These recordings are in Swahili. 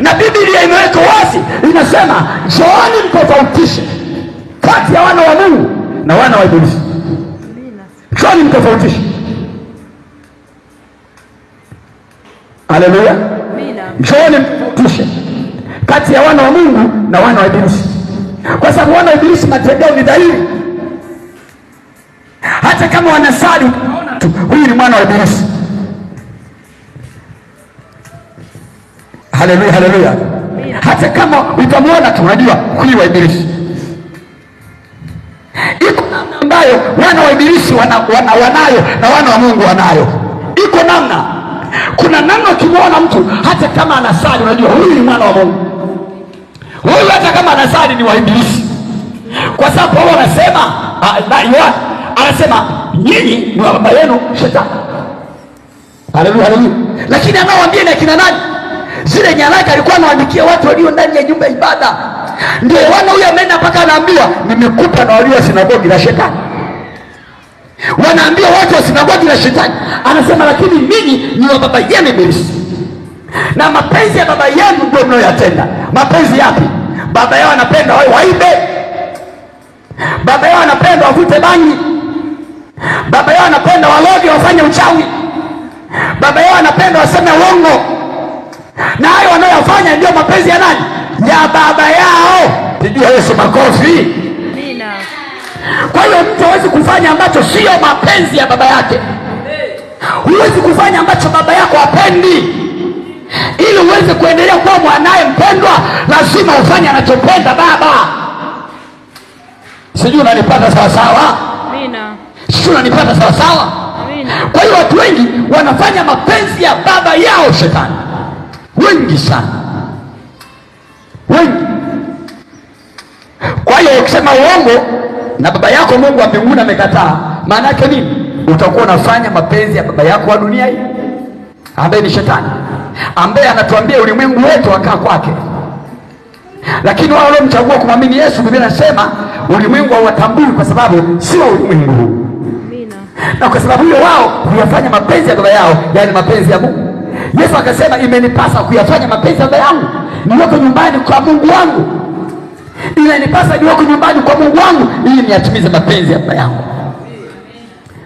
na Biblia imeweka wazi, inasema joani mtofautishe kati ya wana wa Mungu na wana wa Ibilisi. joani mtofautishe. Haleluya! joani mtofautishe kati ya wana wa Mungu na wana wa Ibilisi, kwa sababu wana wa Ibilisi matendo ni dhahiri, hata kama wanasali huyu ni mwana wa Ibilisi. Haleluya, haleluya. Hata kama utamwona tu unajua huyu wa Ibilisi. Iko namna ambayo wana wa Ibilisi wana, wana, wanayo na wana wa Mungu wanayo. Iko namna, kuna namna ukimwona mtu hata kama anasali unajua huyu ni mwana wa Mungu, huyu hata kama anasali ni wa Ibilisi, kwa sababu Paulo anasema ah, anasema nyinyi ni wa baba yenu Shetani. Haleluya, haleluya. Lakini anaoambia ni akina nani? zile nyaraka alikuwa anawaandikia watu walio ndani ya nyumba ya ibada. Ndio Yohana huyo ameenda mpaka anaambiwa, nimekupa na walio wa sinagogi la shetani, wanaambia watu wa sinagogi la shetani. Anasema, lakini mimi ni wa baba yenu Ibilisi, na mapenzi ya baba yenu ndio mnayoyatenda. Mapenzi yapi? Baba yao anapenda wao waibe, baba yao anapenda wavute bangi, baba yao anapenda waloge, wafanye uchawi, baba yao anapenda waseme uongo na hayo wanayofanya ndio mapenzi ya nani? Ya baba yao. Pigia Yesu makofi. Amina. Kwa hiyo mtu hawezi kufanya ambacho siyo mapenzi ya baba yake. Huwezi kufanya ambacho baba yako hapendi. Ili uweze kuendelea kuwa mwanaye mpendwa, lazima ufanye anachopenda baba. Sijui unanipata sawasawa? Amina. Sijui unanipata sawa Amina. Kwa hiyo watu wengi wanafanya mapenzi ya baba yao shetani wengi sana, wengi. Kwa hiyo ukisema uongo na baba yako Mungu wa mbinguni amekataa, maana yake nini? Utakuwa unafanya mapenzi ya baba yako wa dunia hii ambaye ni Shetani, ambaye anatuambia ulimwengu wetu wakaa kwake, lakini wao waliomchagua kumwamini Yesu, Biblia inasema ulimwengu hauwatambui kwa sababu sio ulimwengu huu, na kwa sababu hiyo wao huyafanya mapenzi ya baba yao, yaani mapenzi ya Mungu. Yesu akasema imenipasa kuyafanya mapenzi ya Baba yangu niliyoko nyumbani kwa Mungu wangu, inanipasa niliyoko nyumbani kwa Mungu wangu ili niyatimize mapenzi ya Baba yangu.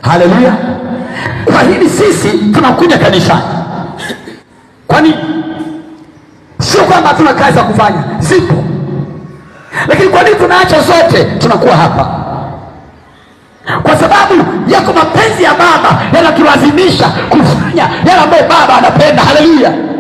Haleluya! Kwa hili sisi tunakuja kanisani, kwani sio kwamba hatuna kazi za kufanya, zipo, lakini kwa nini tunaacha zote tunakuwa hapa? Kwa sababu yako mapenzi kutulazimisha kufanya yale ambayo Baba anapenda. Haleluya!